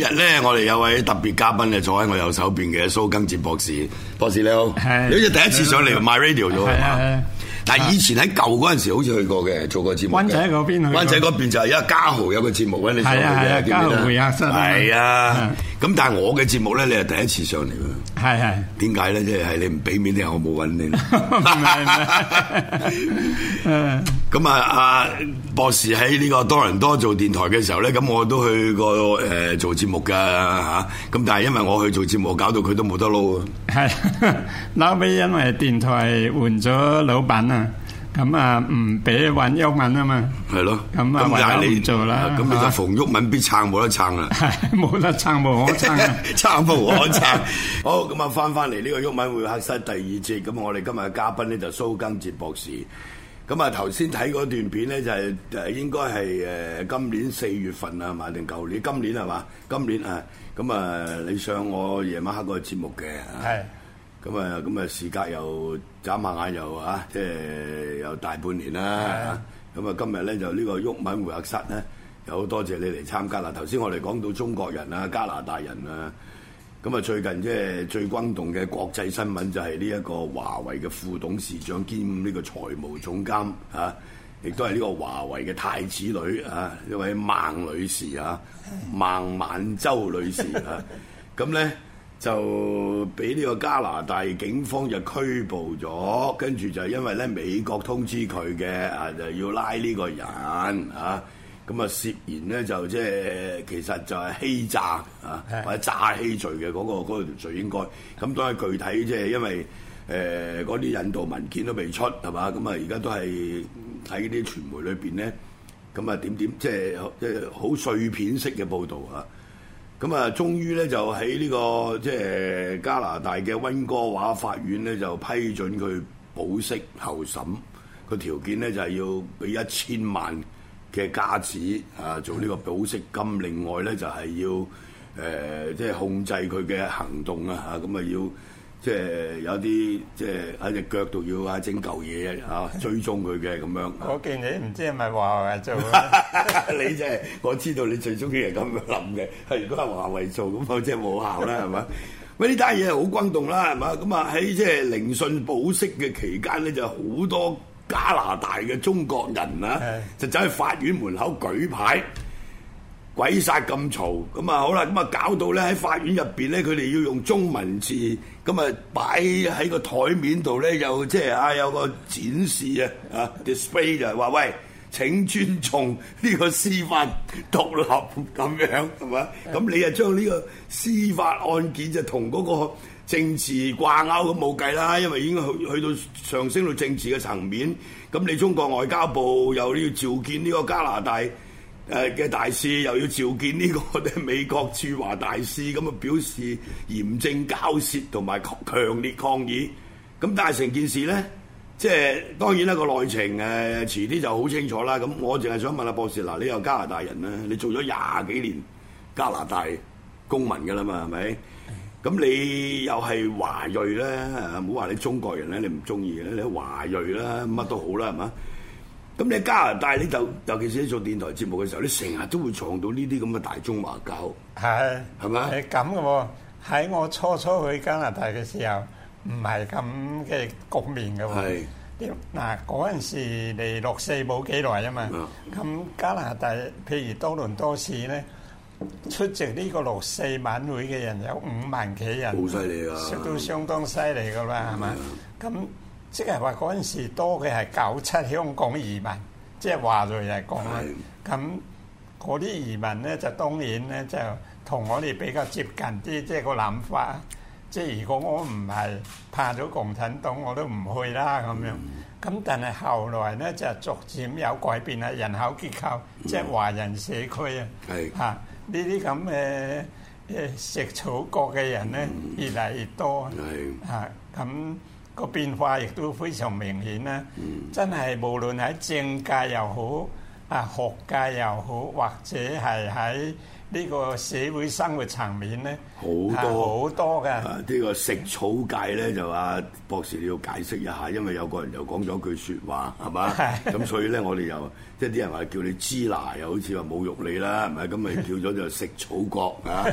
今日咧，我哋有位特別嘉賓啊，坐喺我右手邊嘅蘇賡哲博士。博士你好，你好似第一次上嚟 My Radio 咗係嘛？但係以前喺舊嗰陣時，好似去過嘅，做過節目嘅。灣仔嗰邊去？灣仔嗰邊就係因家豪有個節目揾你上去嘅，係啊。咁但係我嘅節目咧，你係第一次上嚟。係係，點解咧？即係你唔俾面，我冇揾你。咁啊，阿、啊、博士喺呢個多倫多做電台嘅時候咧，咁我都去過誒、呃、做節目噶吓。咁、啊、但係因為我去做節目，搞到佢都冇得撈。係，撈唔因為電台換咗老闆啊。咁啊，唔俾揾毓民啊嘛，係咯，咁啊你做啦。咁而家逢毓民必撐冇得撐啦，冇得撐冇可撐，撐冇可撐。好，咁啊翻翻嚟呢個毓民會客室第二節。咁我哋今日嘅嘉賓咧就蘇、是、賡哲博士。咁啊頭先睇嗰段片咧就係、是、誒應該係誒今年四月份啊嘛定舊年今年係嘛？今年，今年啊，咁、嗯、啊你上我夜晚黑個節目嘅係。咁啊，咁啊，時隔又眨下眼又啊，即係又大半年啦。咁 Yeah. 啊，今日咧就個呢個毓民會客室咧，又好多謝你嚟參加啦。頭先我哋講到中國人啊、加拿大人啊，咁啊最近即係最轟動嘅國際新聞就係呢一個華為嘅副董事長兼呢個財務總監啊，亦都係呢個華為嘅太子女啊，一位孟女士啊，孟晚舟女士啊，咁咧。 就俾呢個加拿大警方就拘捕咗，跟住就因為咧美國通知佢嘅啊，就要拉呢個人啊，咁啊涉嫌咧就即係、就、係、是、其實就係欺詐啊，的或者詐欺罪嘅嗰、那個那個條罪應該，咁都係具體即係、就是、因為誒嗰啲引渡文件都未出係嘛，咁啊而家都係喺啲傳媒裏邊咧，咁啊點點即係即係好碎片式嘅報導啊。咁啊，終於咧就喺呢個即係加拿大嘅溫哥華法院咧，就批准佢保釋候審。個條件咧就係要俾一千萬嘅價錢啊，做呢個保釋金。另外咧就係要誒，即係控制佢嘅行動啊！嚇，咁啊要。即係有啲即係喺隻腳度要啊整舊嘢啊，追蹤佢嘅咁樣。我見 你唔知係咪華為做？你即係我知道你最中意係咁樣諗嘅。係如果係華為做咁，我即係冇效啦，係嘛？ 喂，呢單嘢係好轟動啦，係嘛？咁啊喺即係聆訊保釋嘅期間咧，就好、是、多加拿大嘅中國人啊，的就走去法院門口舉牌。鬼殺咁嘈，咁啊好啦，咁啊搞到咧喺法院入邊咧，佢哋要用中文字，咁、就是、啊擺喺個台面度咧，又即係啊有個展示啊啊、uh, display 就啊，話喂請尊重呢個司法獨立咁樣，係嘛？咁 你啊將呢個司法案件就同嗰個政治掛鈎咁冇計啦，因為已經去去到上升到政治嘅層面，咁你中國外交部又要召見呢個加拿大。誒嘅大使又要召見呢個我哋美國駐華大使，咁啊表示嚴正交涉同埋強烈抗議。咁但係成件事咧，即係當然啦，個內情誒、呃，遲啲就好清楚啦。咁我淨係想問阿博士，嗱，你又加拿大人啦，你做咗廿幾年加拿大公民㗎啦嘛，係咪？咁你又係華裔咧？唔好話你中國人咧，你唔中意咧，你華裔啦，乜都好啦，係嘛？咁你加拿大你就尤其是喺做電台節目嘅時候，你成日都會撞到呢啲咁嘅大中華狗，係係嘛？係咁嘅喎。喺我初初去加拿大嘅時候，唔係咁嘅局面嘅喎。係嗱？嗰陣時嚟六四冇幾耐啊嘛。咁加拿大譬如多倫多市咧，出席呢個六四晚會嘅人有五萬幾人，好犀利啊！都相當犀利㗎啦，係咪？咁。即係話嗰陣時多嘅係九七香港移民，即係華裔嚟講，咁嗰啲移民咧就當然咧就同我哋比較接近啲，即、就、係、是、個諗法。即係如果我唔係怕咗共產黨，我都唔去啦咁、嗯、樣。咁但係後來咧就逐漸有改變啦，人口結構即係華人社區啊，嚇呢啲咁嘅誒食草國嘅人咧、嗯、越嚟越多的的啊，嚇咁。嗯個變化亦都非常明顯啦，嗯、真係無論喺政界又好，啊學界又好，或者係喺呢個社會生活層面咧，好多好、啊、多嘅。啊呢、呢個食草界咧就阿、啊、博士你要解釋一下，因為有個人又講咗句説話，係嘛？咁 所以咧我哋又即係啲人話叫你豬乸，又好似話侮辱你啦，係咪？咁咪叫咗就食草角， 啊？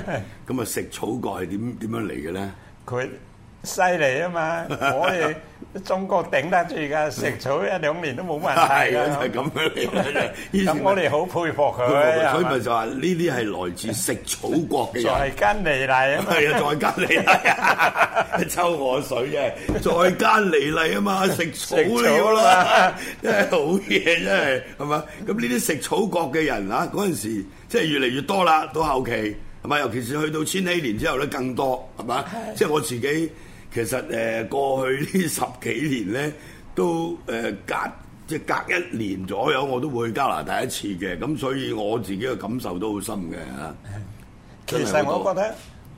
咁啊食草角係點點樣嚟嘅咧？佢。 犀利啊嘛！我哋中國頂得住噶，食草一兩年都冇問題㗎。係啊，係咁樣。以前我哋好佩服佢。佢咪就話呢啲係來自食草國嘅。再奸嚟嚟啊！係啊，再奸嚟嚟啊！抽我水嘅，再奸嚟嚟啊嘛！食草啦，真係好嘢，真係係嘛？咁呢啲食草國嘅人啊，嗰陣時即係越嚟越多啦，到後期係咪？尤其是去到千禧年之後咧，更多係嘛？即係我自己。其實誒、呃、過去呢十幾年咧，都誒、呃、隔即係隔一年左右，我都會去加拿大一次嘅。咁所以我自己嘅感受都好深嘅嚇、嗯。其實我覺得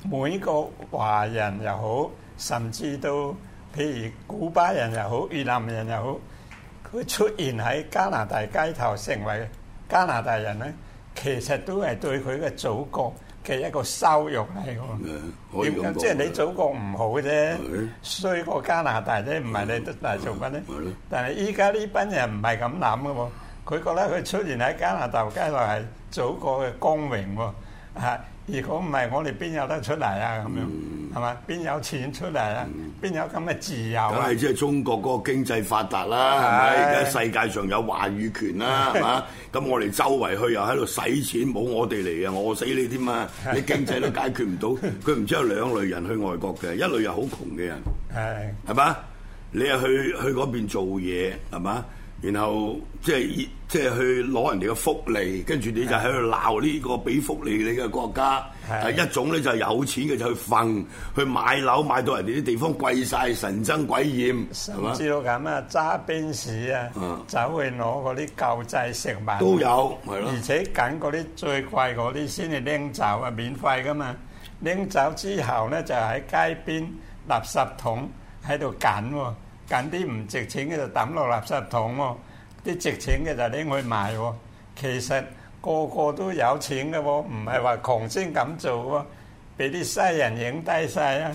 每個華人又好，甚至到譬如古巴人又好、越南人又好，佢出現喺加拿大街頭成為加拿大人咧，其實都係對佢嘅祖國嘅一個羞辱嚟嘅，點解？即係你祖國唔好啫，衰過的加拿大啫，唔係你大做乜咧。但係依家呢班人唔係咁諗嘅喎，佢覺得佢出現喺加拿大街度係祖國嘅光榮喎，如果唔係，我哋邊有得出嚟啊？咁樣係嘛？邊有錢出嚟啊？邊、嗯、有咁嘅自由，啊？咁係即係中國嗰個經濟發達啦，係咪是？而家世界上有話語權啦，係嘛？ 咁我哋周圍去又喺度使錢，冇我哋嚟啊，餓死你添嘛？你經濟都解決唔到，佢唔 知有兩類人去外國嘅，一類又好窮嘅人，係係嘛？你又去去嗰邊做嘢係嘛？然後即係即係去攞人哋嘅福利，跟住你就喺度鬧呢個俾福利你嘅國家。係是的 一種咧就係有錢嘅就去瞓，去買樓買到人哋啲地方貴晒，神憎鬼厭。甚至到咁啊，揸吧鞭士啊，是的 走去攞嗰啲救濟食物都有，而且揀嗰啲最貴嗰啲先係拎走啊，免費噶嘛。拎走之後咧就喺街邊垃圾桶喺度揀喎。揀啲唔值錢嘅就抌落垃圾筒喎，啲值錢嘅就拎去賣喎。其實個個都有錢嘅喎，唔係話窮先咁做喎。俾啲西人影低曬啊，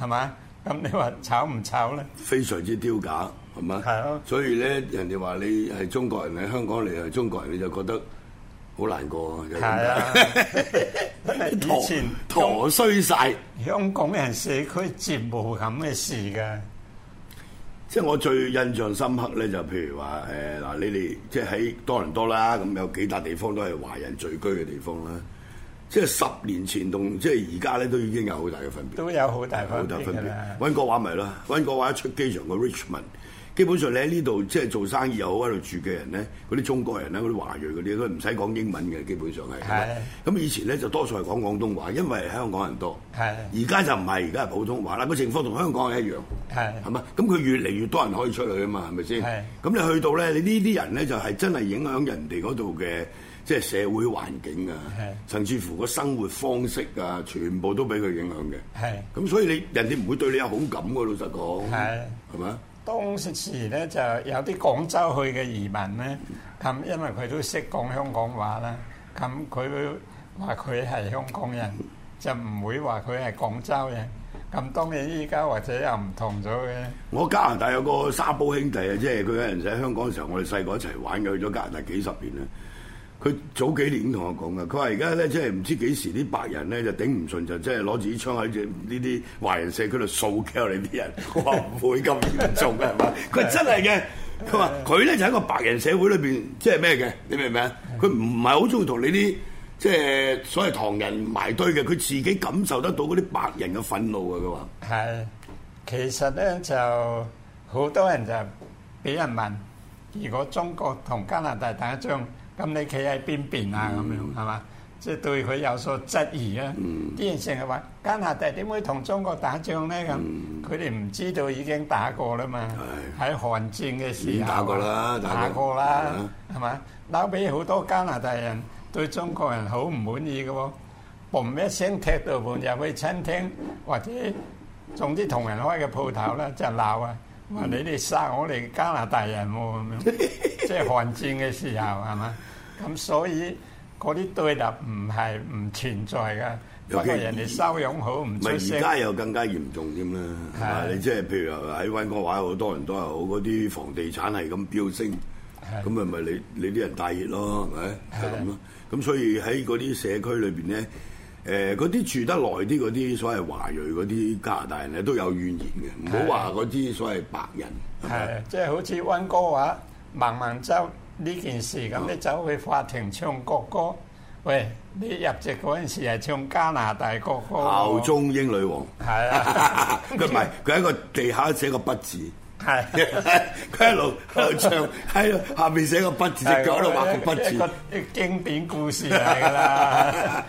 係嘛？咁你話醜唔醜咧？非常之丟假，係嘛？係咯。所以咧，人哋話你係中國人喺香港嚟係中國人，你就覺得好難過啊！係啊，以前拖衰曬，香港人社區絕無咁嘅事㗎。即係我最印象深刻咧，就譬如話誒嗱，你哋即係喺多倫多啦，咁、嗯、有幾笪地方都係華人聚居嘅地方啦。即係十年前同即係而家咧，都已經有好大嘅分別。都有好大分別。溫哥華咪咯，溫哥華一出機場個 Richmond。基本上咧，喺呢度即係做生意又好，喺度住嘅人咧，嗰啲中國人咧、嗰啲華裔嗰啲，佢唔使講英文嘅，基本上係。係。咁以前咧就多數係講廣東話，因為香港人多。係。而家就唔係，而家係普通話啦。個情況同香港係一樣。係。係嘛？咁佢越嚟越多人可以出去啊嘛，係咪先？係。咁你去到咧，你呢啲人咧就係真係影響人哋嗰度嘅即係社會環境啊，甚至乎個生活方式啊，全部都俾佢影響嘅。係。咁所以你人哋唔會對你有好感嘅，老實講。係。係嘛？當時咧就有啲廣州去嘅移民咧，咁因為佢都識講香港話啦，咁佢會話佢係香港人，就唔會話佢係廣州人。咁當然依家或者又唔同咗嘅。我加拿大有個沙煲兄弟啊，即係佢有人喺香港嘅時候，我哋細個一齊玩嘅，去咗加拿大幾十年啊。佢早幾年已經同我講㗎，佢話而家咧即係唔知幾時啲白人咧就頂唔順就即係攞住啲槍喺呢啲華人社區度掃鳩你啲人，佢話唔會咁嚴重嘅係嘛？佢 吧真係嘅，佢話佢咧就喺個白人社會裏邊即係咩嘅？你明唔明？佢唔係好中意同你啲即係所謂唐人埋堆嘅，佢自己感受得到嗰啲白人嘅憤怒呀。佢話係其實咧就好多人就俾人問，如果中國同加拿大打一仗？咁你企喺邊邊啊？咁樣係嘛？即係對佢有所質疑啊！啲、嗯、人成日話加拿大點會同中國打仗咧？咁佢哋唔知道已經打過啦嘛！喺韓戰嘅時候、啊，打過啦，打過啦，係嘛？留俾好多加拿大人對中國人好唔滿意嘅喎、啊！砰一聲踢到門入去餐廳或者總之同人開嘅鋪頭啦，就鬧啊！你哋、嗯、殺我哋加拿大人喎， 即係韓戰嘅時候係嘛？咁所以嗰啲對立唔係唔存在嘅，或者人哋收養好唔出聲。唔係而家又更加嚴重添啦，的你即係譬如喺温哥華好多人都係好嗰啲房地產係咁飆升，咁咪咪你你啲人大熱咯，係咪？係咁咯，咁的的所以喺嗰啲社區裏邊咧。誒，嗰啲住得耐啲嗰啲所謂華裔嗰啲加拿大人咧，都有怨言嘅，唔好話嗰啲所謂白人。係啊，吧即係好似温哥華孟晚舟呢件事咁，你走去法庭唱國歌，喂，你入籍嗰陣時係唱加拿大國歌，效忠英女王。係啊，佢唔係，佢喺個地下寫個筆字。係，佢喺度喺度唱，喺度下面寫個筆字，隻腳喺度畫個筆字，經典故事嚟噶啦，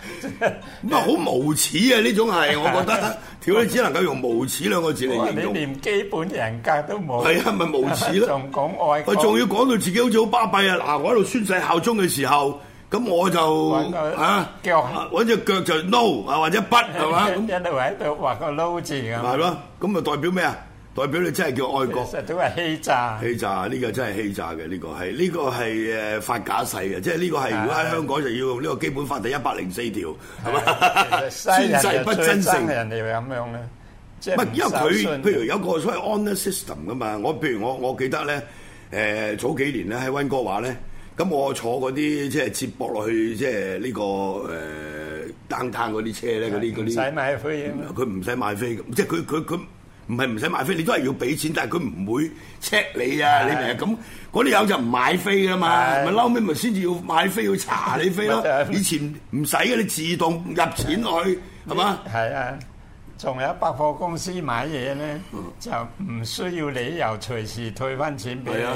乜好無恥啊？呢種係，我覺得條女只能夠用無恥兩個字嚟形容，你連基本人格都冇，係啊，咪無恥咯？仲講愛國，佢仲要講到自己好似好巴閉啊！嗱，我喺度宣誓效忠嘅時候，咁我就啊腳，搵隻腳就 no 啊，或者筆係嘛，咁喺度畫個 no 字啊，係咯，咁咪代表咩啊？代表你真係叫愛國，其實都係欺詐，欺詐呢個真係欺詐嘅呢個係，呢、呢個係誒發假誓嘅，的即係呢個係如果喺香港就要用呢個基本法第一百零四條，係嘛的？宣誓吧不真誠，人哋會咁樣咧。即、就、係、是、因為佢譬如有個所謂 honor system 㗎嘛。我譬如我我記得咧，誒、呃、早幾年咧喺溫哥華咧，咁我坐嗰啲即係接駁落去即係呢個誒單單嗰啲車咧，嗰啲嗰啲。唔使買飛嘅，佢唔使買飛嘅，即係佢佢佢。唔係唔使買飛，你都係要俾錢，但係佢唔會 check 你啊！的你明啊？咁嗰啲有就唔買飛噶嘛，咪嬲尾咪先至要買飛去查你飛咯。 係就係、以前唔使嘅，你自動入錢去係嘛？係啊的，仲吧有百貨公司買嘢咧，就唔需要理由隨時退翻錢俾你。的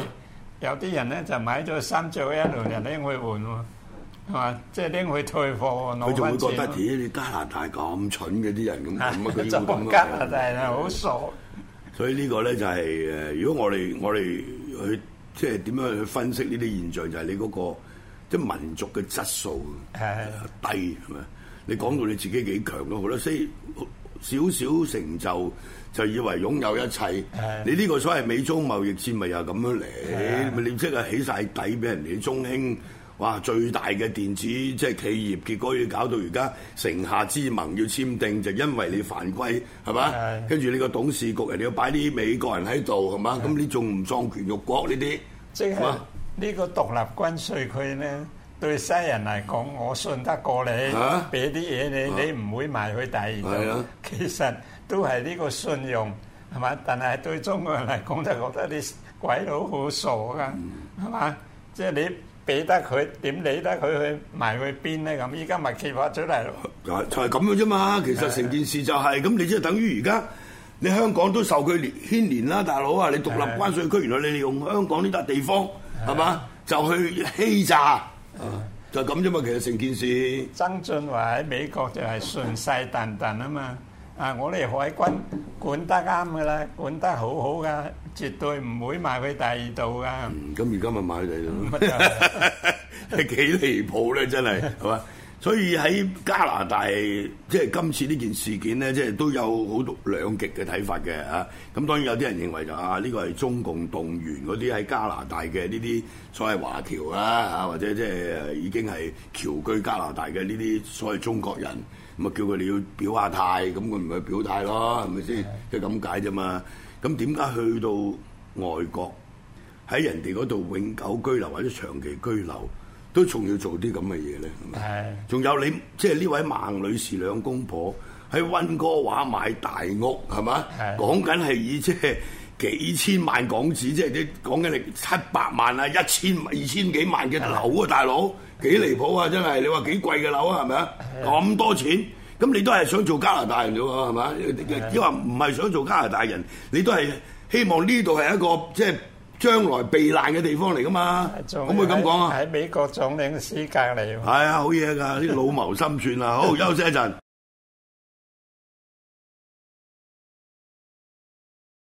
有啲人咧就買咗三隻 L，人哋去換喎。即係拎佢退貨，佢仲會覺得，咦？你加， 加拿大咁蠢嘅啲人咁，唔係佢會咁啊？係啊，好傻。所以個呢個咧就係誒，如果我哋我哋去即係點樣去分析呢啲現象，就係、是、你嗰、那個即係、就是、民族嘅質素、啊、是的 低係咪？你講到你自己幾強都好啦，所以少少成就就以為擁有一切。你呢個所謂美中貿易戰咪又咁樣嚟？咪你即係起晒底俾人哋中興。哇！最大嘅電子即係企業，結果要搞到而家城下之盟要簽訂，就因為你犯規係嘛？跟住你個董事局人哋要擺啲美國人喺度係嘛？咁你仲唔喪權辱國呢啲？即係呢個獨立關稅區咧，對西人嚟講，我信得過你，畀啲嘢你，你唔會賣去第二度。其實都係呢個信用係嘛？但係對中國人嚟講，就覺得你鬼佬好傻㗎，係嘛？即係你。理得佢點，理得佢去埋去邊咧？咁依家咪揭發出嚟咯，就係咁樣啫嘛。其實成件事就係咁，你即係等於而家你香港都受佢牽連啦，大佬啊！你獨立關稅區，原來你利用香港呢笪地方係嘛，就去欺詐，就係咁啫嘛。其實成件事，曾俊華喺美國就係信誓旦旦啊嘛。啊！我哋海軍管得啱噶啦，管得，管得好好噶，絕對唔會賣去第二度噶。嗯，咁而家咪賣去第二度，係幾 離譜咧、啊？真係，係嘛？ 所以喺加拿大，即係今次呢件事件咧，即係都有好多兩極嘅睇法嘅嚇。咁、啊、當然有啲人認為就啊，呢個係中共動員嗰啲喺加拿大嘅呢啲所謂華僑啊，嚇、啊、或者即係已經係僑居加拿大嘅呢啲所謂中國人，咁啊叫佢哋要表下態，咁佢唔去表態咯，係咪先？即係咁解啫嘛。咁點解去到外國，喺人哋嗰度永久居留或者長期居留？都仲要做啲咁嘅嘢咧，係咪，仲是的 有你即係呢位孟女士兩公婆喺溫哥華買大屋，係嘛？講緊係以即係幾千萬港紙，即係啲講緊係七百萬啊，一千二千幾萬嘅樓啊，是的 大佬幾離譜啊！真係，你話幾貴嘅樓啊，係咪啊？咁是的 多錢，咁你都係想做加拿大人啫喎，係咪啊？因為唔係想做加拿大人，你都係希望呢度係一個即係。就是將來避難嘅地方嚟噶嘛，在可唔可以咁講啊？喺美國總領事隔離，係啊，哎，好嘢㗎，啲老謀深算啊！ 好，休息一陣。